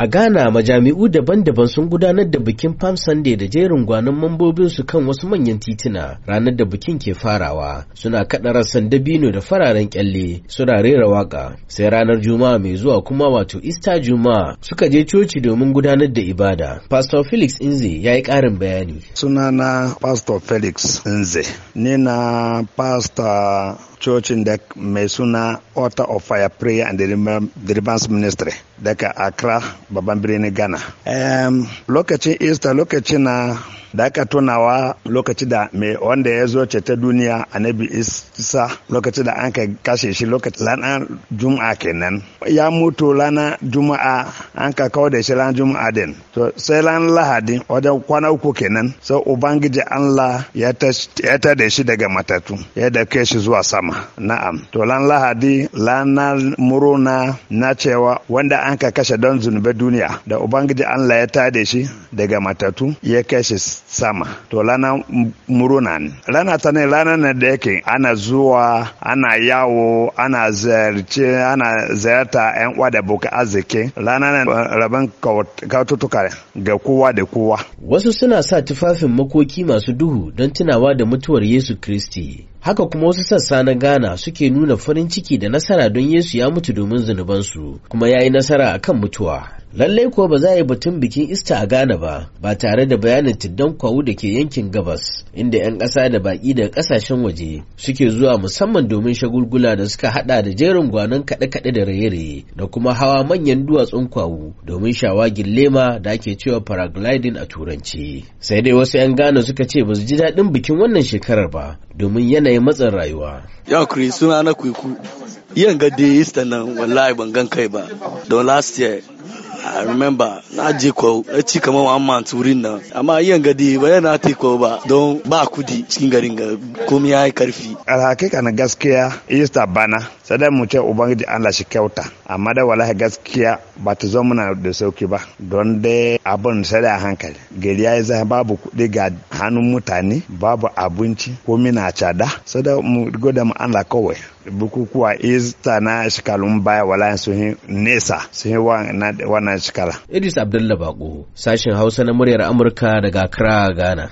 A Ghana majami'u daban-daban sun gudanar da bikin Palm Sunday da jerin gwanon mambobinsu kan wasu manyan tituna ranar da bikin ke farawa. Suna kaɗa rassan dabino da fararen kyalle suna rera waka. Sai ranar Juma'a mai zuwa kuma wato Easter Juma'a suka je coci domin gudanar da ibada. Pastor Felix Inze ya yi ƙarin bayani. Sunana Pastor Felix Inze. Ni na Pastor cocin da mai suna Order of Fire Prayer and Deliverance Ministry daga Accra babban birnin Ghana. Um, lokacin Easter lokacin na da aka tunawa lokaci da mai wanda ya zo ta duniya annabi isa lokaci da an kashe shi lokaci lana juma'a kenan ya mutu lana juma'a an ka kawo da shi lana juma'a din to sai lana lahadi wajen kwana uku kenan sai ubangiji allah ya ta da shi daga matatu ya da kai shi zuwa sama na'am to lana lahadi lana muruna na cewa wanda an ka kashe don zunube duniya da ubangiji allah ya ta da shi daga matatu ya kai shi sama to lana muruna ne rana ta ne rana na da yake ana zuwa ana yawo ana ziyarce ana ziyarta yan uwa da buka arziki rana na rabin kaututuka ga kowa da kowa wasu suna sa tufafin makoki masu duhu don tunawa da mutuwar yesu kristi haka kuma wasu sassa na Ghana suke nuna farin ciki da nasara don Yesu ya mutu domin zunubansu kuma ya yi nasara akan mutuwa. lallai ko ba za a yi batun bikin ista a ghana ba ba tare da bayanin tiddan kwawu da ke yankin gabas inda 'yan ƙasa da baƙi daga ƙasashen waje suke zuwa musamman domin shagulgula da suka hada da jerin gwanon kaɗe-kaɗe da raye-raye da kuma hawa manyan duwatsun kwawu domin shawagin lema da ake cewa paragliding a turanci sai dai wasu 'yan ghana suka ce ba su ji daɗin bikin wannan shekarar ba domin yanayin matsin rayuwa ya kuri suna na kuiku yan ga dai nan wallahi ban gan kai ba don last year I remember na je kwau a ci kamar one month wurin nan amma yan gadi ba yana ta kwau ba don ba kudi cikin garin ga komai yayi karfi karfi. hakika na gaskiya Easter bana sai mu ce Ubangiji Allah shi kyauta amma da wallahi gaskiya ba ta zo muna da sauki ba don dai abun sai da hankali gari yayi zai babu kuɗi ga hannun mutane babu abinci ko mina cada sai da mu goda mu Allah kawai bukukuwa Easter na shekarun baya wallahi sun nesa sun yi wannan shekara. Idris Abdullah Bako, sashen Hausa na muryar Amurka daga Accra, Ghana.